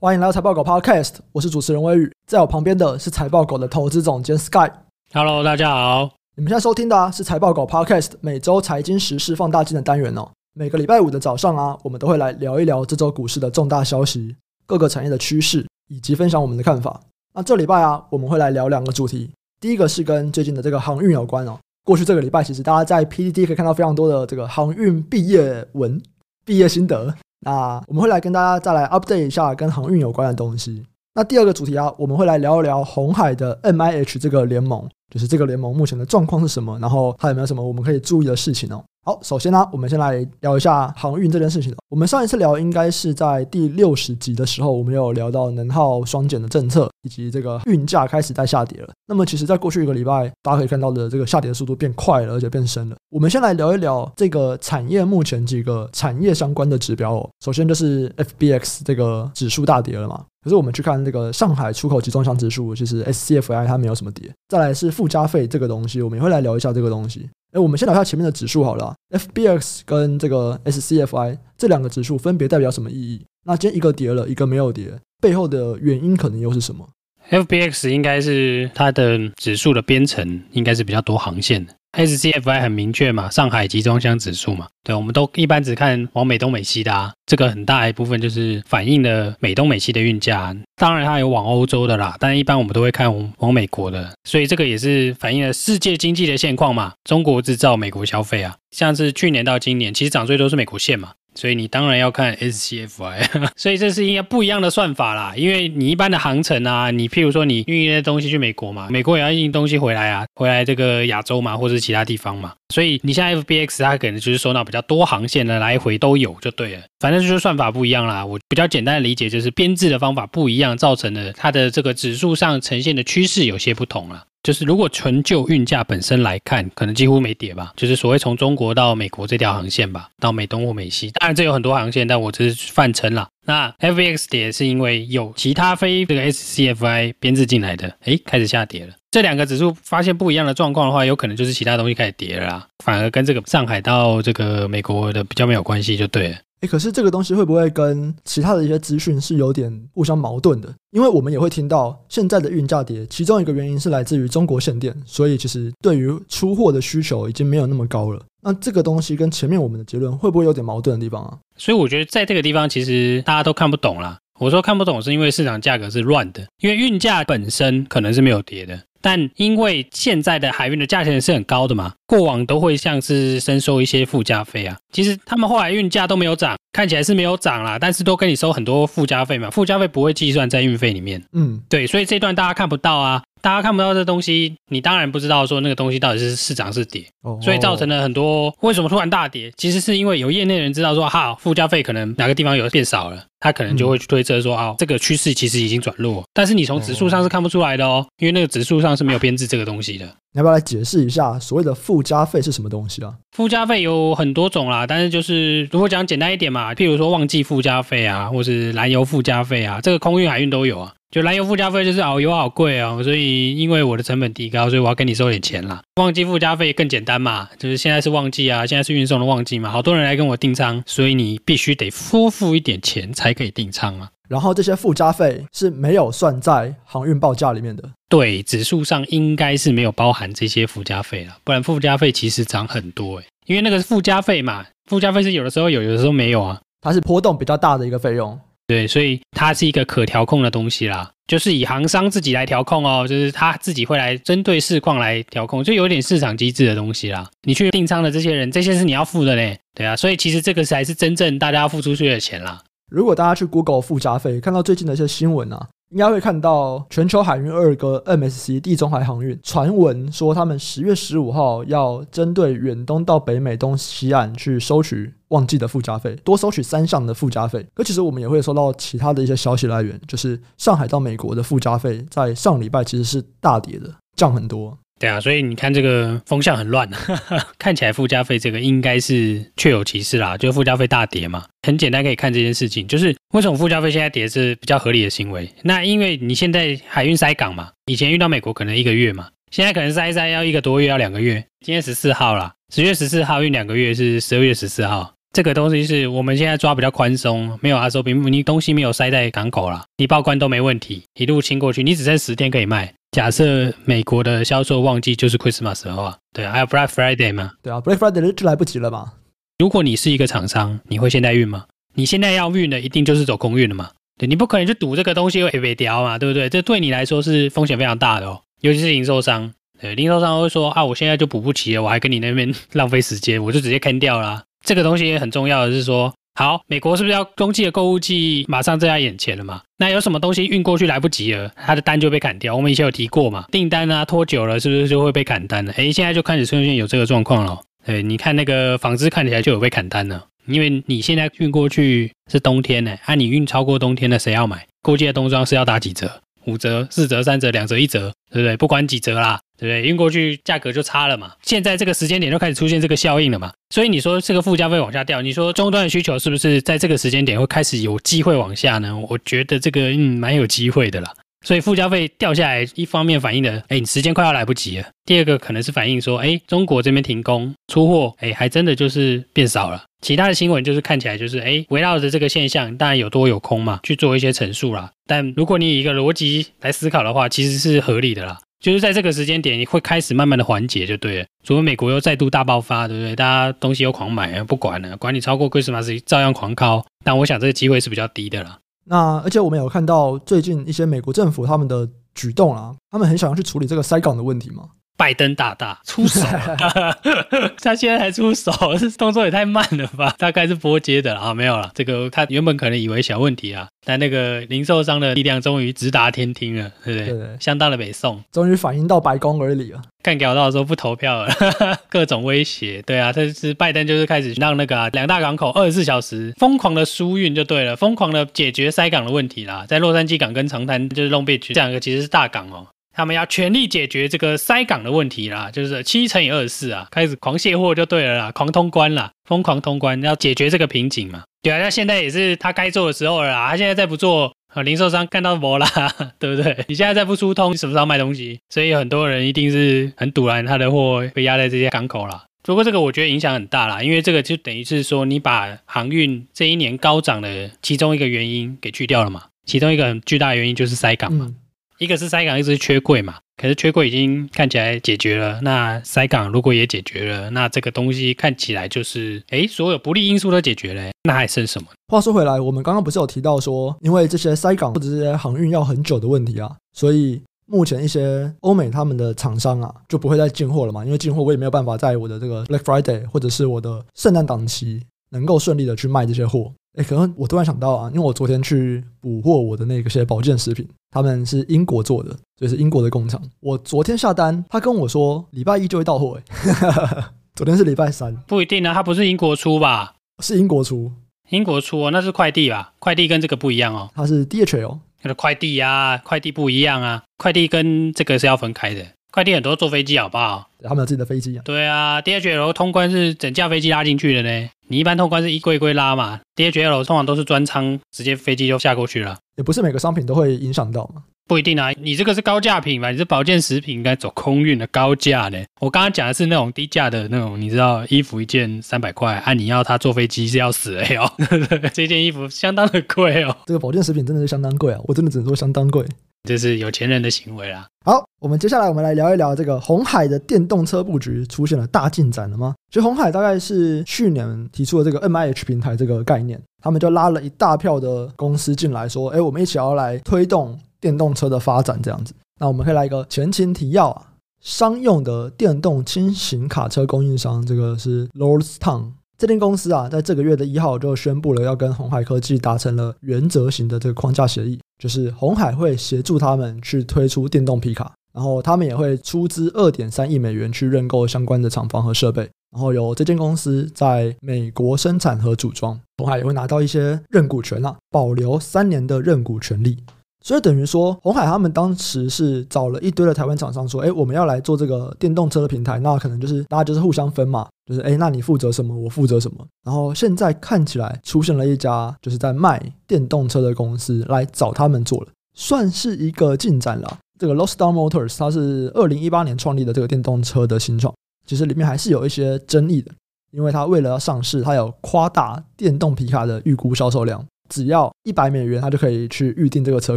歡迎來到財報狗 Podcast，我是主持人威宇，在我旁邊的是財報狗的投資總監 Sky。Hello，大家好！你們現在收聽的是財報狗 Podcast 每周財經時事放大鏡的單元哦。每個禮拜五的早上啊，我們都會來聊一聊這周股市的重大消息、各個產業的趨勢，以及分享我們的看法。那這禮拜啊，我們會來聊兩個主題，第一個是跟最近的這個航運有關哦。過去這個禮拜，其實大家在 PTT 可以看到非常多的這個航運畢業文、畢業心得。那我們會來跟大家再來 update 一下跟航運有關的東西。那第二個主題啊，我們會來聊一聊鴻海的 MIH 這個聯盟，就是這個聯盟目前的狀況是什麼，然後它有沒有什麼我們可以注意的事情呢、哦？好，首先呢、啊，我們先來聊一下航運這件事情。我們上一次聊應該是在第六十集的時候，我們有聊到能耗雙減的政策，以及這個運價開始在下跌了。那麼，其實在過去一個禮拜，大家可以看到的這個下跌的速度變快了，而且變深了。我們先來聊一聊這個產業目前幾個產業相關的指標哦。首先就是 F B X 這個指數大跌了嘛？可是我們去看這個上海出口集裝箱指數，其實 S C F I，它沒有什麼跌。再來是附加費這個東西，我們也會來聊一下這個東西。哎、欸，我們先聊一下前面的指數好了，啊。FBX 跟這個 SCFI 這兩個指數分別代表什麼意義？那今天一個跌了，一個沒有跌，背後的原因可能又是什麼？FBX 應該是它的指數的編程應該是比較多航線的。SCFI 很明確嘛，上海集裝箱指數嘛，對，我們都一般只看往美東美西的，啊，這個很大一部分就是反映了美東美西的運價，當然它有往歐洲的啦，但一般我們都會看往美國的，所以這個也是反映了世界經濟的現況嘛，中國製造，美國消費啊，像是去年到今年，其實漲最多是美國線嘛。所以你當然要看 SCFI， 所以這是應該不一樣的算法啦。因為你一般的航程啊，你譬如說你運一些東西去美國嘛，美國也要運東西回來啊，回來這個亞洲嘛，或者其他地方嘛。所以你現在 FBX 它可能就是收納比較多航線的來回都有就對了，反正就是算法不一樣啦。我比較簡單的理解就是編制的方法不一樣造成的，它的這個指數上呈現的趨勢有些不同了。就是如果純就運價本身來看，可能幾乎沒跌吧。就是所謂從中國到美國這條航線吧，到美東或美西，當然這有很多航線，但我只是泛稱了。那 FBX 跌是因為有其他非這個 SCFI 編制進來的，誒，開始下跌了。這兩個指數發現不一樣的狀況的話，有可能就是其他東西開始跌了啊，反而跟這個上海到這個美國的比較沒有關係就對了。哎，可是這個東西會不會，跟其他的一些資訊是有點互相矛盾的？因為我們也會聽到現在的運價跌，其中一個原因是來自於中國限電，所以其實對於出貨的需求已經沒有那麼高了。那這個東西跟前面我們的結論會不會有點矛盾的地方啊？所以我覺得在這個地方其實大家都看不懂啦。我說看不懂是因為市場價格是亂的，因為運價本身可能是沒有跌的。但因為現在的海運的價錢是很高的嘛，過往都會像是徵收一些附加費啊。其實他們後來運價都沒有漲，看起來是沒有漲啦，但是都跟你收很多附加費嘛，附加費不會計算在運費裡面。嗯，對，所以這段大家看不到啊。大家看不到這東西，你當然不知道說那個東西到底是是漲是跌，oh、所以造成了很多為什麼突然大跌。其實是因為有業內人知道說，哈、啊，附加費可能哪個地方有變少了，他可能就會去推測說，嗯、啊，這個趨勢其實已經轉弱。但是你從指數上是看不出來的哦，嗯、因為那個指數上是沒有編制這個東西的。你要不要來解釋一下所謂的附加費是什麼東西啊？附加費有很多種啦，但是就是如果講簡單一點嘛，譬如說旺季附加費啊，或是燃油附加費啊，這個空運海運都有啊。就燃油附加費就是啊，油好貴啊、哦，所以因為我的成本提高，所以我要跟你收點錢啦。旺季附加費更簡單嘛，就是現在是旺季啊，現在是運送的旺季嘛，好多人來跟我訂倉所以你必須得付付一點錢才可以訂倉嘛、啊。然後這些附加費是沒有算在航運報價裡面的。對，指數上應該是沒有包含這些附加費啊，不然附加費其實漲很多誒、欸，因為那個是附加費嘛，附加費是有的時候有，有的時候沒有啊。它是波動比較大的一個費用。對，所以它是一個可調控的東西啦，就是以行商自己來調控哦，就是他自己會來針對市況來調控，就有點市場機制的東西啦。你去訂艙的這些人，這些是你要付的呢？對啊，所以其實這個才是真正大家要付出去的錢啦。如果大家去 Google 附加費，看到最近的一些新聞啊。應該會看到全球海運二哥 MSC 地中海航運，傳聞說他們十月十五號要針對遠東到北美東西岸去收取旺季的附加費，多收取三項的附加費。可其實我們也會收到其他的一些消息來源，就是上海到美國的附加費在上禮拜其實是大跌的，降很多。對啊，所以你看這個風向很亂啊，呵呵，看起來附加費這個應該是確有其事啦，就附加費大跌嘛。很簡單，可以看這件事情，就是為什麼附加費現在跌是比較合理的行為。那因為你現在海運塞港嘛，以前運到美國可能一個月嘛，現在可能塞一塞要一個多月，要兩個月。今天十四號啦，十月十四號運兩個月是十二月十四號，這個東西是我們現在抓比較寬鬆，沒有阿蘇冰，你東西沒有塞在港口啦，你報關都沒問題，一路清過去，你只剩十天可以賣。假設美國的銷售旺季就是 Christmas 的話，對，還有 Black Friday 嘛，對啊，Black Friday 就來不及了嘛。如果你是一個廠商，你會現在運嗎？你現在要運的一定就是走空運了嘛，對，你不可能去賭這個東西會沒掉嘛，對不對？這對你來說是風險非常大的哦，尤其是零售商，對，零售商會說啊，我現在就補不齊了，我還跟你那邊浪費時間，我就直接坑掉了、啊。這個東西也很重要的是說。好，美國是不是要冬季的購物季馬上在他眼前了嘛？那有什麼東西運過去來不及了，他的單就被砍掉。我們以前有提過嘛，訂單啊拖久了是不是就會被砍單了？哎，現在就開始出現有這個狀況了。哎，你看那個紡織看起來就有被砍單了，因為你現在運過去是冬天呢，啊，你運超過冬天了，誰要買？過季的冬裝是要打幾折？五折、四折、三折、兩折、一折，對不對？不管幾折啦，對不對？運過去價格就差了嘛。現在這個時間點就開始出現這個效應了嘛。所以你說這個附加費往下掉，你說終端的需求是不是在這個時間點會開始有機會往下呢？我覺得這個，嗯，蠻有機會的啦。所以附加費掉下來，一方面反映的，欸、你時間快要來不及了；第二個可能是反映說，誒、欸、中國這邊停工出貨，誒、欸、還真的就是變少了。其他的新聞就是看起來就是，誒，圍繞着這個現象，當然有多有空嘛，去做一些陳述啦。但如果你以一個邏輯來思考的話，其實是合理的啦，就是在這個時間點你會開始慢慢的緩解就對了。除非美國又再度大爆發，對不對？大家東西又狂買了，不管了，管你超過 Christmas 是照樣狂高。但我想這個機會是比較低的啦。那而且我們有看到最近一些美國政府他們的舉動啊，他們很想要去處理這個塞港的問題嗎？拜登大大出手了， 他現在還出手，這動作也太慢了吧？大概是撥接的啦啊，沒有了。這個他原本可能以為小問題啊，但那個零售商的力量終於直達天聽了，對不對？對，對，對，相當的北宋，終於反應到白宮耳裡了。看搞到時候不投票了，呵呵各種威脅。對啊，這是拜登就是開始讓那個啊兩大港口二十四小時瘋狂的疏運就對了，瘋狂的解決塞港的問題啦。在洛杉磯港跟長灘就是 Long Beach，這兩個其實是大港哦。他們要全力解決這個塞港的問題啦，就是七乘以二十四啊，開始狂卸貨就對了啦，狂通關啦，瘋狂通關，要解決這個瓶頸嘛。對啊，那現在也是他該做的時候啦。他現在再不做，呃，零售商看到沒啦， 對不對？你現在再不疏通，什麼時候賣東西？所以很多人一定是很堵爛他的貨被壓在這些港口啦。不過這個我覺得影響很大啦，因為這個就等於是說你把航運這一年高漲的其中一個原因給去掉了嘛，其中一個很巨大的原因就是塞港嘛、嗯。一個是塞港，一個是缺櫃嘛。可是缺櫃已經看起來解決了，那塞港如果也解決了，那這個東西看起來就是，誒，所有不利因素都解決了，那還剩什麼？話說回來，我們剛剛不是有提到說，因為這些塞港或者這些航運要很久的問題啊，所以目前一些歐美他們的廠商啊就不會再進貨了嘛。因為進貨我也沒有辦法在我的這個 Black Friday 或者是我的聖誕檔期能夠順利的去賣這些貨。哎、欸，可能我突然想到啊，因為我昨天去補貨我的那些保健食品，他們是英國做的，就是英國的工廠。我昨天下單，他跟我說禮拜一就會到貨、欸。哎， 昨天是禮拜三，不一定啊。他不是英國出吧？是英國出，英國出，哦，那是快遞吧？快遞跟這個不一樣哦，它是 DHL，它的快遞啊，快遞不一樣啊，快遞跟這個是要分開的。快遞很多都坐飛機，好不好？他們有自己的飛機啊，啊。對啊，DHL 通關是整架飛機拉進去的呢。你一般通關是一櫃一櫃拉嘛？DHL 通常都是專倉，直接飛機就下過去了。也不是每個商品都會影響到嘛？不一定啊。你這個是高價品嘛？你這保健食品應該走空運的高價呢。我剛剛講的是那種低價的那種，你知道衣服一件三百塊，按、啊、你要他坐飛機是要死的、欸、哦。 這件衣服相當的貴哦、啊。這個保健食品真的是相當貴啊，我真的只能說相當貴。這是有錢人的行為啦、啊。好，我們接下來我們來聊一聊這個鴻海的電動車布局出現了大進展了嗎？其實鴻海大概是去年提出了這個 MIH 平台這個概念，他們就拉了一大票的公司進來說，哎，我們一起要來推動電動車的發展這樣子。那我們可以來一個前情提要啊，商用的電動輕型卡車供應商，這個是 Lordstown 這間公司啊，在這個月的一號就宣布了要跟鴻海科技達成了原則型的這個框架協議。就是鴻海會協助他們去推出電動皮卡，然後他們也會出資二點三億美元去認購相關的廠房和設備，然後由這間公司在美國生產和組裝，鴻海也會拿到一些認股權啦，保留三年的認股權利。所以等於說，鴻海他們當時是找了一堆的台灣廠商，說：“哎、欸，我們要來做這個電動車的平台。”那可能就是大家就是互相分嘛，就是哎、欸，那你負責什麼，我負責什麼。然後現在看起來，出現了一家就是在賣電動車的公司來找他們做了，算是一個進展了。這個 Lordstown Motors 它是二零一八年創立的這個電動車的新創，其實裡面還是有一些爭議的，因為它為了要上市，它有誇大電動皮卡的預估銷售量。只要一百美元，他就可以去預訂這個車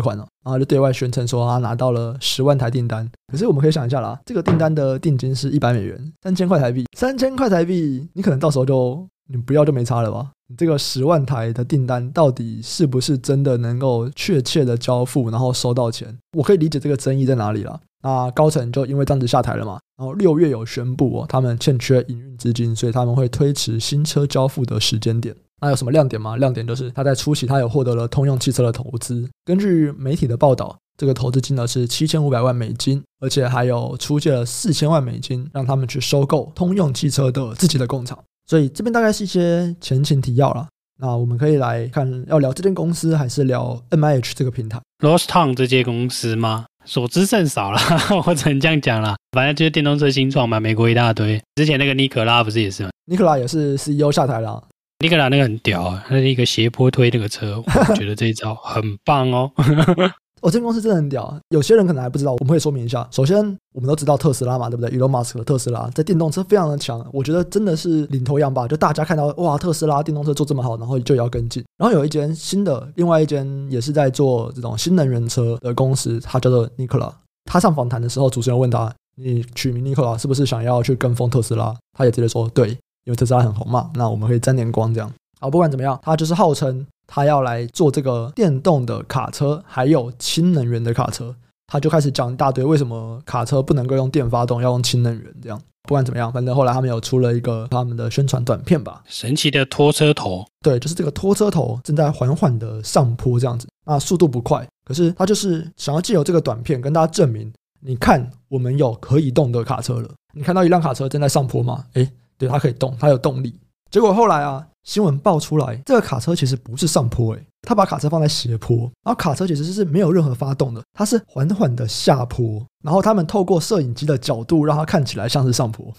款了，然後就對外宣稱說他拿到了十萬台訂單。可是我們可以想一下啦，這個訂單的定金是一百美元，三千塊台幣，三千塊台幣，你可能到時候就你不要就沒差了吧？你這個十萬台的訂單到底是不是真的能夠確切的交付，然後收到錢？我可以理解這個爭議在哪裡啦。那高層就因為這樣子下台了嘛？然後六月有宣布哦，他們欠缺營運資金，所以他們會推遲新車交付的時間點。那有什麼亮點嗎？亮點就是他在初期，他有獲得了通用汽車的投資。根據媒體的報道，這個投資金額是七千五百萬美金，而且還有出借了四千萬美金，讓他們去收購通用汽車的自己的工廠。所以這邊大概是一些前情提要了。那我們可以來看，要聊這間公司，還是聊 MIH 這個平台？Lordstown 這些公司嗎？所知甚少了， 我只能這樣講了。反正就是電動車新創嘛，美國一大堆。之前那個 Nikola 不是也是嗎？Nikola 也是 CEO 下台了。尼克拉那個很屌啊，欸，他是一個斜坡推那個車，我覺得這一招很棒哦， 哦。我這公司真的很屌，有些人可能還不知道，我們會說明一下。首先，我們都知道特斯拉嘛，對不對？埃隆馬斯克特斯拉在電動車非常的強，我覺得真的是領頭羊吧。就大家看到哇，特斯拉電動車做這麼好，然後就要跟進。然後有一間新的，另外一間也是在做這種新能源車的公司，它叫做尼克拉。他上訪談的時候，主持人問他：“你取名尼克拉是不是想要去跟風特斯拉？”他也直接說：“對。”因為特斯拉很紅嘛，那我們可以沾點光這樣。好，不管怎麼樣，他就是號稱他要來做這個電動的卡車，還有氫能源的卡車，他就開始講一大堆為什麼卡車不能夠用電發動，要用氫能源這樣。不管怎麼樣，反正後來他們有出了一個他們的宣傳短片吧，神奇的拖車頭。對，就是這個拖車頭正在緩緩的上坡這樣子，那速度不快，可是他就是想要借由這個短片跟大家證明，你看我們有可以動的卡車了，你看到一輛卡車正在上坡嗎？誒。他可以動，他有動力。結果後來啊，新聞爆出來，這個卡車其實不是上坡，哎，他把卡車放在斜坡，然後卡車其實是沒有任何發動的，他是緩緩的下坡，然後他們透過攝影機的角度讓他看起來像是上坡。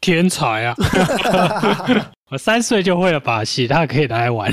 天才啊！ 我三歲就會了把戲，他可以拿來玩，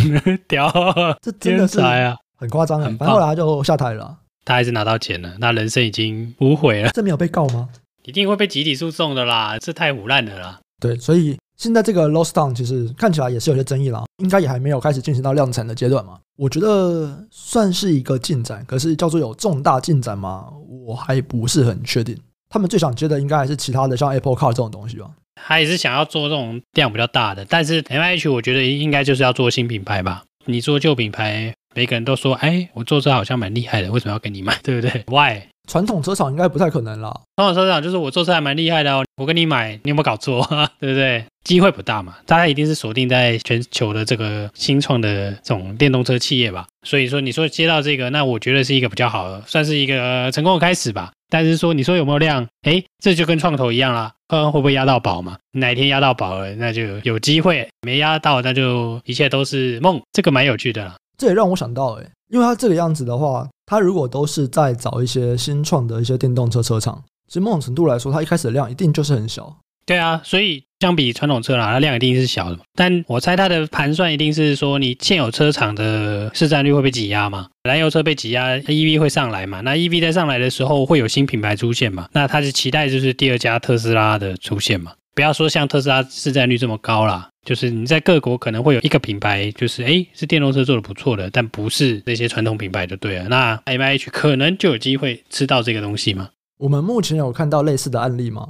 屌！ 這天才啊，很誇張。很棒。反正後來就下台了、啊，他還是拿到錢了，那人生已經無悔了。這沒有被告嗎？一定會被集體訴訟的啦，這太唬爛了啦。對，所以現在這個 Lordstown 其實看起來也是有些爭議啦，應該也還沒有開始進行到量產的階段嘛。我覺得算是一個進展，可是叫做有重大進展嗎？我還不是很確定。他們最想接的應該還是其他的，像 Apple Car 這種東西吧。他也是想要做這種量比較大的，但是 MIH 我覺得應該就是要做新品牌吧。你做舊品牌，每個人都說，哎，我做這好像蠻厲害的，為什麼要跟你買，對不對？Why？傳統車廠應該不太可能了。傳統車廠就是我做車還蠻厲害的哦，我跟你買，你有沒有搞錯？ 對不對？機會不大嘛，大家一定是鎖定在全球的這個新創的這種電動車企業吧。所以說，你說接到這個，那我覺得是一個比較好的，算是一個、呃、成功的開始吧。但是說，你說有沒有量？哎，這就跟創投一樣啦，看看，會不會壓到寶嘛？哪天壓到寶了，那就有機會；沒壓到，那就一切都是夢。這個蠻有趣的啦。這也讓我想到、欸，誒因為他這個樣子的話。他如果都是在找一些新創的一些電動車車廠，其實某種程度來說，他一開始的量一定就是很小。對啊，所以相比傳統車啦，它量一定是小的。但我猜它的盤算一定是說，你現有車廠的市占率會被擠壓嘛，燃油車被擠壓，EV 會上來嘛，那 EV 在上來的時候會有新品牌出現嘛，那他是期待就是第二家特斯拉的出現嘛。不要說像特斯拉市佔率這麼高啦，就是你在各國可能會有一個品牌，就是哎，是電動車做的不錯的，但不是那些傳統品牌，對啊，那 MIH 可能就有機會吃到這個東西嗎？我們目前有看到類似的案例嗎？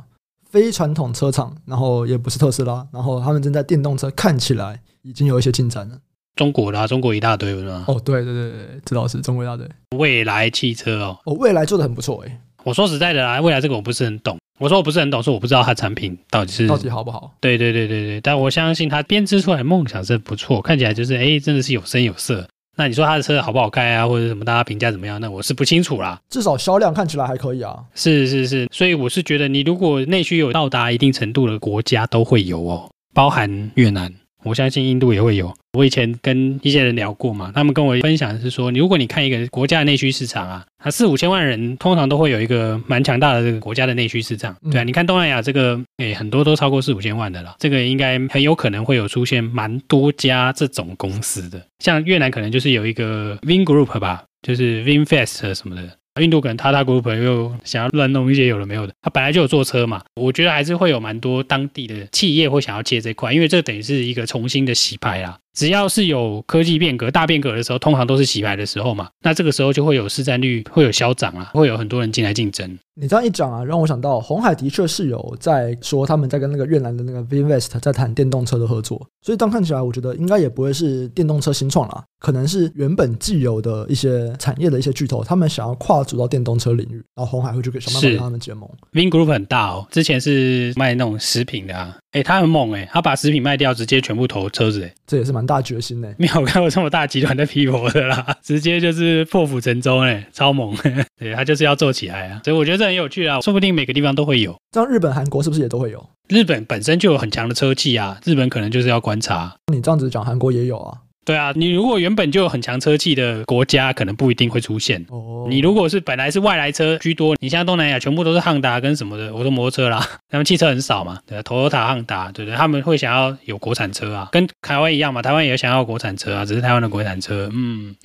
非傳統車廠，然後也不是特斯拉，然後他們正在電動車，看起來已經有一些進展了。中國啦、啊，中國一大堆，是嗎？哦，對對對對，知道是中國一大堆。未來汽車哦，哦，未來做的很不錯，哎，我說實在的啦，未來這個我不是很懂。我說我不是很懂，我說我不知道它的產品到底是到底好不好。對對對對對，但我相信它編織出來的夢想是不錯，看起來就是哎，真的是有聲有色。那你說它的車好不好開啊，或者什麼，大家評價怎麼樣？那我是不清楚啦。至少銷量看起來還可以啊。是是是，所以我是覺得你如果內需有到達一定程度的國家都會有哦，包含越南。我相信印度也會有。我以前跟一些人聊過嘛，他們跟我分享的是說，如果你看一個國家的內需市場啊，它四五千萬人，通常都會有一個蠻強大的這個國家的內需市場。嗯，對啊。你看東南亞這個，誒，很多都超過四五千萬的了，這個應該很有可能會有出現蠻多家這種公司的，像越南可能就是有一個 Vin Group 吧，就是 Vinfast 什麼的。印度可能他他國朋友想要亂弄一些有的沒有的，他本來就有坐車嘛，我覺得還是會有蠻多當地的企業會想要接這塊，因為這等於是一個重新的洗牌啊。只要是有科技變革、大變革的時候，通常都是洗牌的時候嘛。那這個時候就會有市占率會有消長啊，會有很多人進來競爭。你這樣一講啊，讓我想到鴻海的確是有在說他們在跟那個越南的那個 VinFast 在談電動車的合作。所以這樣看起來，我覺得應該也不會是電動車新創了，可能是原本既有的一些產業的一些巨頭，他們想要跨足到電動車領域，然後鴻海會就可以想辦法跟他們結盟。Vin Group 很大哦，之前是賣那種食品的啊。哎、欸，他很猛哎、欸，他把食品賣掉，直接全部投車子哎、欸，這也是蠻大決心哎、欸，沒有看過這麼大集團在拼搏的啦，直接就是破釜沉舟哎，超猛， 對他就是要做起來啊，所以我覺得這很有趣啊，說不定每個地方都會有，像日本、韓國是不是也都會有？日本本身就有很強的車企啊，日本可能就是要觀察，你這樣子講韓國也有啊。對啊，你如果原本就有很強車系的國家，可能不一定會出現。Oh. 你如果是本來是外來車居多，你像東南亞全部都是漢達跟什麼的，我說摩托車啦，他們汽車很少嘛，對啊，頭頭塔漢達，對不對,對？他們會想要有國產車啊，跟台灣一樣嘛，台灣也想要國產車啊，只是台灣的國產車，嗯，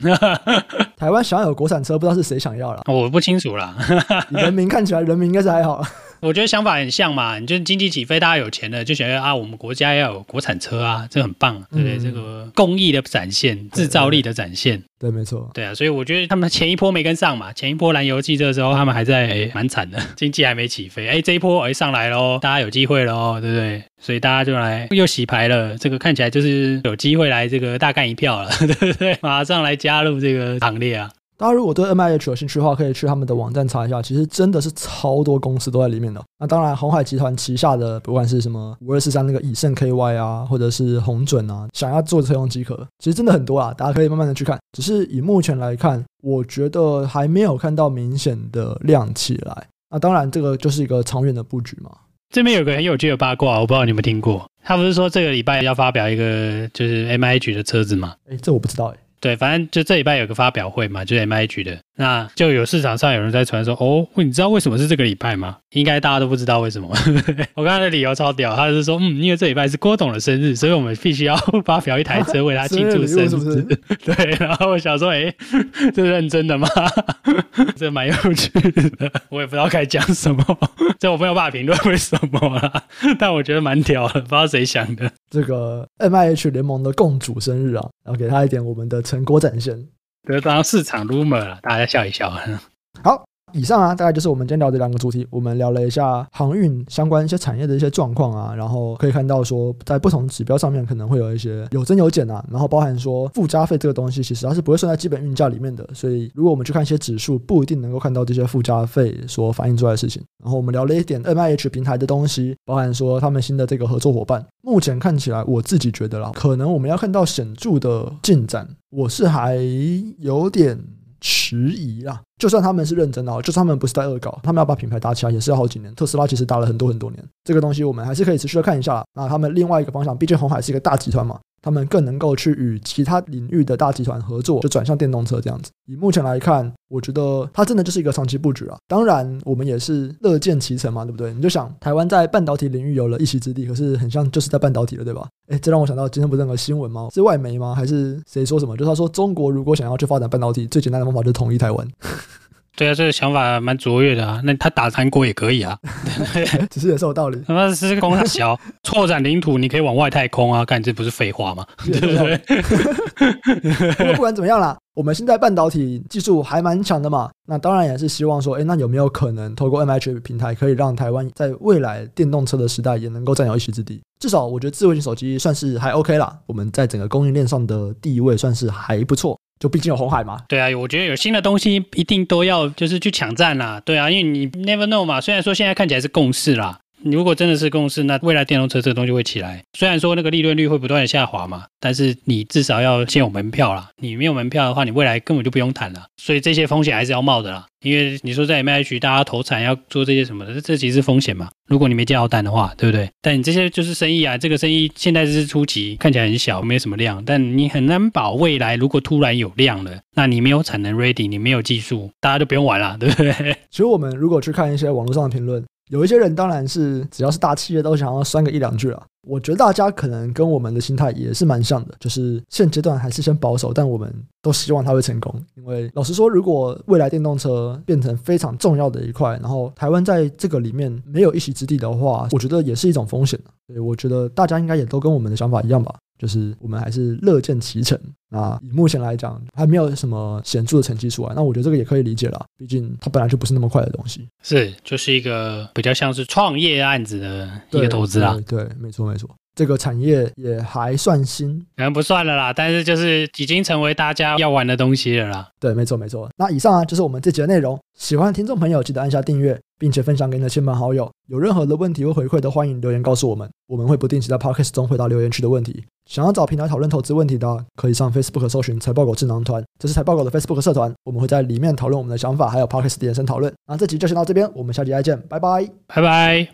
台灣想要有國產車，不知道是誰想要了，我不清楚啦。人 民看起來，人民應該是還好。我覺得想法很像嘛，你就是經濟起飛，大家有錢了，就想要啊，我們國家要有國產車啊，這個很棒，對不對、嗯？這個工藝的展現，制造力的展現。對對對，對，沒錯。對啊，所以我覺得他們前一波沒跟上嘛，前一波燃油汽車這個的時候，他們還在、哎、蠻慘的，經濟還沒起飛。誒、哎、這一波哎上來了，大家有機會了哦，對不對？所以大家就來又洗牌了，這個看起來就是有機會來這個大幹一票了，對不對？馬上來加入這個行列啊！大家如果對 MIH 有興趣的話，可以去他們的網站查一下，其實真的是超多公司都在裡面的。那當然，鴻海集團旗下的，不管是什麼五二四三那個乙盛 KY 啊，或者是鴻準啊，想要做的車用機構，其實真的很多啊。大家可以慢慢的去看。只是以目前來看，我覺得還沒有看到明顯的亮起來。那當然，這個就是一個長遠的布局嘛。這邊有個很有趣的八卦、啊，我不知道你有沒有聽過，他不是說這個禮拜要發表一個就是 MIH 的車子嗎？哎、欸，這我不知道哎、欸。對，反正就這禮拜有一個發表會嘛，就是 MIH 的。那就有市場上有人在傳說，哦，你知道為什麼是這個禮拜嗎？應該大家都不知道為什麼。我剛才的理由超屌，他是說，嗯，因為這禮拜是郭董的生日，所以我們必須要發表一台車為他慶祝生日。啊是是。對，然後我想說，誒、欸、這是認真的嗎？這蠻、個、有趣的，我也不知道該講什麼，這我沒有辦法評論為什麼啦，但我覺得蠻屌的，不知道誰想的。這個 M I H 聯盟的共主生日啊，然後給他一點我們的成果展現。得當市場 rumor 了，大家笑一笑啊。好。以上啊，大概就是我們今天聊的兩個主題。我們聊了一下航運相關一些產業的一些狀況啊，然後可以看到說，在不同指標上面可能會有一些有增有減啊。然後包含說附加費這個東西，其實它是不會算在基本運價裡面的。所以如果我們去看一些指數，不一定能夠看到這些附加費所反映出來的事情。然後我們聊了一點 MIH 平台的東西，包含說他們新的這個合作夥伴，目前看起來，我自己覺得啦，可能我們要看到顯著的進展，我是還有點。遲疑啦、啊，就算他們是認真的、哦，就算他們不是在惡搞，他們要把品牌打起來也是要好幾年。特斯拉其實打了很多很多年，這個東西我們還是可以持續的看一下。那他們另外一個方向，畢竟鴻海是一個大集團嘛。他們更能夠去與其他領域的大集團合作，就轉向電動車這樣子。以目前來看，我覺得它真的就是一個長期布局啊。當然，我們也是樂見其成嘛，對不對？你就想台灣在半導體領域有了一席之地，可是很像就是在半導體了，對吧？誒、欸，這讓我想到今天不是有個新聞嗎？是外媒嗎？還是誰說什麼？就是他說中國如果想要去發展半導體，最簡單的方法就是統一台灣。呵呵對啊，這個想法蠻卓越的啊。那他打韓國也可以啊， 只是也是有道理。那 媽是光太小，拓展領土，你可以往外太空啊，幹，這不是廢話嗎？ 對不對？ 不過不管怎麼樣啦，我們現在半導體技術還蠻強的嘛，那當然也是希望說，哎，那有沒有可能透過 MIH 平台可以讓台灣在未來電動車的時代也能夠佔有一席之地？至少我覺得智慧型手機算是還 OK 啦。我們在整個供應鏈上的地位算是還不錯。就畢竟有紅海嘛，對啊，我覺得有新的東西一定都要就是去搶佔啦，對啊，因為你 never know 嘛，雖然說現在看起來是共識啦。你如果真的是公司，那未來電動車這個東西會起來。雖然說那個利潤率會不斷的下滑嘛，但是你至少要先有門票啦。你沒有門票的話，你未來根本就不用談了。所以這些風險還是要冒的啦。因為你說在 MIH 大家投產要做這些什麼的這，這其實是風險嘛。如果你沒接到單的話，對不對？但你這些就是生意啊。這個生意現在是初期，看起來很小，沒什麼量，但你很難保未來如果突然有量了，那你沒有產能 ready，你沒有技術，大家就不用玩了，對不對？所以我們如果去看一些網絡上的評論。有一些人當然是，只要是大企業都想要酸個一兩句了。我覺得大家可能跟我們的心態也是蠻像的，就是現階段還是先保守，但我們都希望它會成功。因為老實說，如果未來電動車變成非常重要的一塊，然後台灣在這個裡面沒有一席之地的話，我覺得也是一種風險。所以我覺得大家應該也都跟我們的想法一樣吧，就是我們還是樂見其成。那以目前來講，還沒有什麼顯著的成績出來，那我覺得這個也可以理解啦。畢竟它本來就不是那麼快的東西。是就是一個比較像是創業案子的一個投資啊。對，對，對，沒錯。沒錯，這個產業也還算新，可能不算了啦，但是就是已經成為大家要玩的東西了啦。對，沒錯，沒錯。那以上啊，就是我們這集的內容。喜歡的聽眾朋友記得按下訂閱，並且分享給你的親朋好友。有任何的問題或回饋，都歡迎留言告訴我們。我們會不定期在 podcast 中回答留言區的問題。想要找平台討論投資問題的，可以上 Facebook 搜尋“財報狗智囊團”，這是財報狗的 Facebook 社團，我們會在裡面討論我們的想法，還有 podcast 的延伸討論。那這集就先到這邊，我們下集再見，拜拜，拜拜。